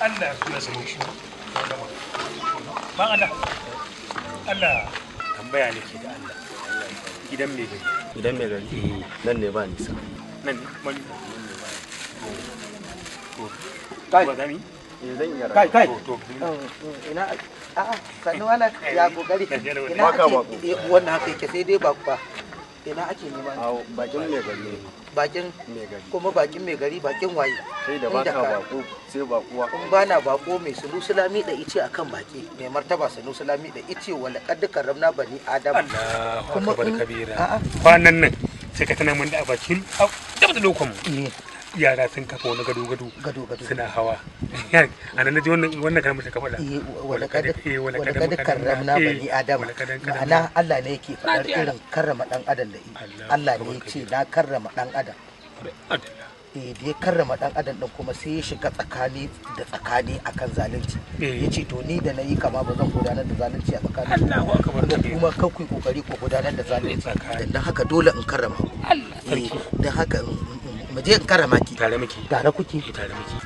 Allah kuma sani shi ba Allah Allah tambaya ne ke da Allah gidan me gari gidan me gari eh, nan ne ba nisa nan man ba eh, kai kai oh, oh, ina a ya kokari ina eh, wannan haka yake sai dai ba ina ake neman bakin mai gari ne bakin kuma bakin mai gari bakin waye kai da baka bako sai bakuwa kun bana bako mai sunu sulami da ice akan baki mai martaba sunu sulami da ice wala kaddukan ramna bani adam kuma kabira kwanan nan sai ka tana mun da bakin dab da lokon mu eh. yara sun kafa wani gado gado suna hawa a nan naji wannan wannan kalmar ta kafaɗa eh, eh, walakad karramna eh, bani adam ma'ana Allah ne yake faɗar irin karrama dan adam da yi Allah ne ce na karrama dan adam eh da ya karrama dan adam din kuma sai ya shiga tsakani da tsakani a kan zalunci ya ce to ni da na yi kama ba zan gudanar da zalunci a tsakanin da akbar kuma kakwai kokari ko gudanar da zalunci dan haka dole in karrama Allah don haka mu je in karama maki tare miki tare kuke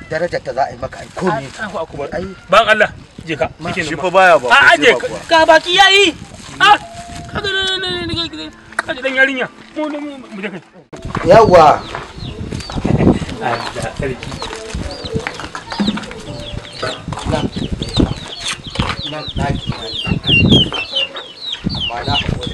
tare za a yi maka ai komai Allahu akbar ai ban Allah je ka kike shi fa baya ba a je ka baki yayi ah kaga ne ne ne kaji dan yarinya mu mu je kai yawa Allah sarki nan nan daki amma na akwai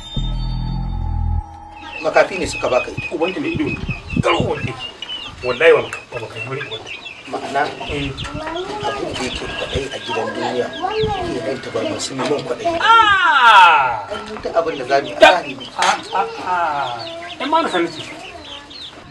makafi ne suka baka ita ubanta mai ido ne garo wanda wallahi wa makafi wani wanda ma'ana eh. abin da yake kwaɗayi a gidan duniya ke nan tabar masu neman kwaɗayi an ah! mutu abin da za mu yi a ɗan ah, ah, ma na sanar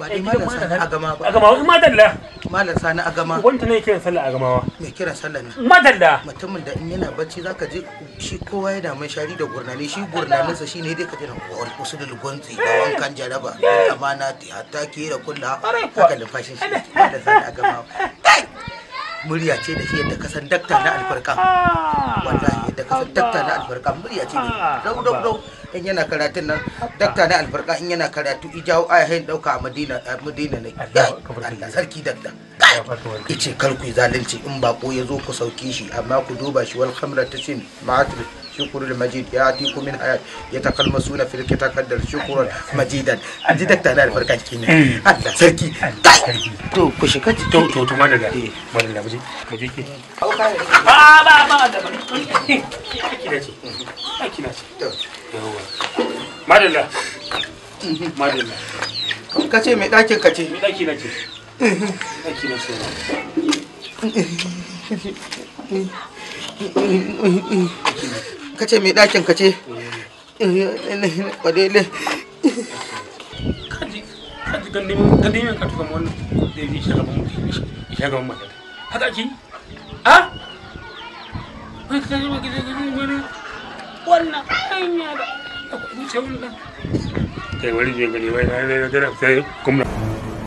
ba dai malam sani a gama ba agama in madalla malam sani agama wanda ne kiran sallah agamawa mai kiran sallah ne madalla mutumin da in yana bacci zaka je shi kowa ya damu shari da gurnani shi gurnanin sa shine dai ka ji na wani kusa da lugonzi da wankan jaraba eh. amana ta hatta ke da kulla haka da fashin shi malam sani a agama murya ce da yadda ka san dakta na albarka wallahi yadda ka san dakta na albarka murya ce dau dau dau in yana karatun nan dakta na albarka in yana karatu ijawo aya hayin dauka a madina a madina ne Allah sarki dakta yace kar ku zalunci in bako ya zo ku sauke shi amma ku duba shi wal khamra tasin ma'atul الشكر المجيد ياتيكم من حياه يتقلمسون في الكتاب شكرا مجيدا انت دك تانا الفرقه كينا الله سركي تو كشكت تو تو تو ماذا قال ماذا مجي da كي با با با ده كيناتي كيناتي تو ماذا kace mai dakin mai daki kace mai ɗakin kace ce kaji kaji wannan da a wani hanya da akwai wannan kai wani je gani wai na yi gada sai kuma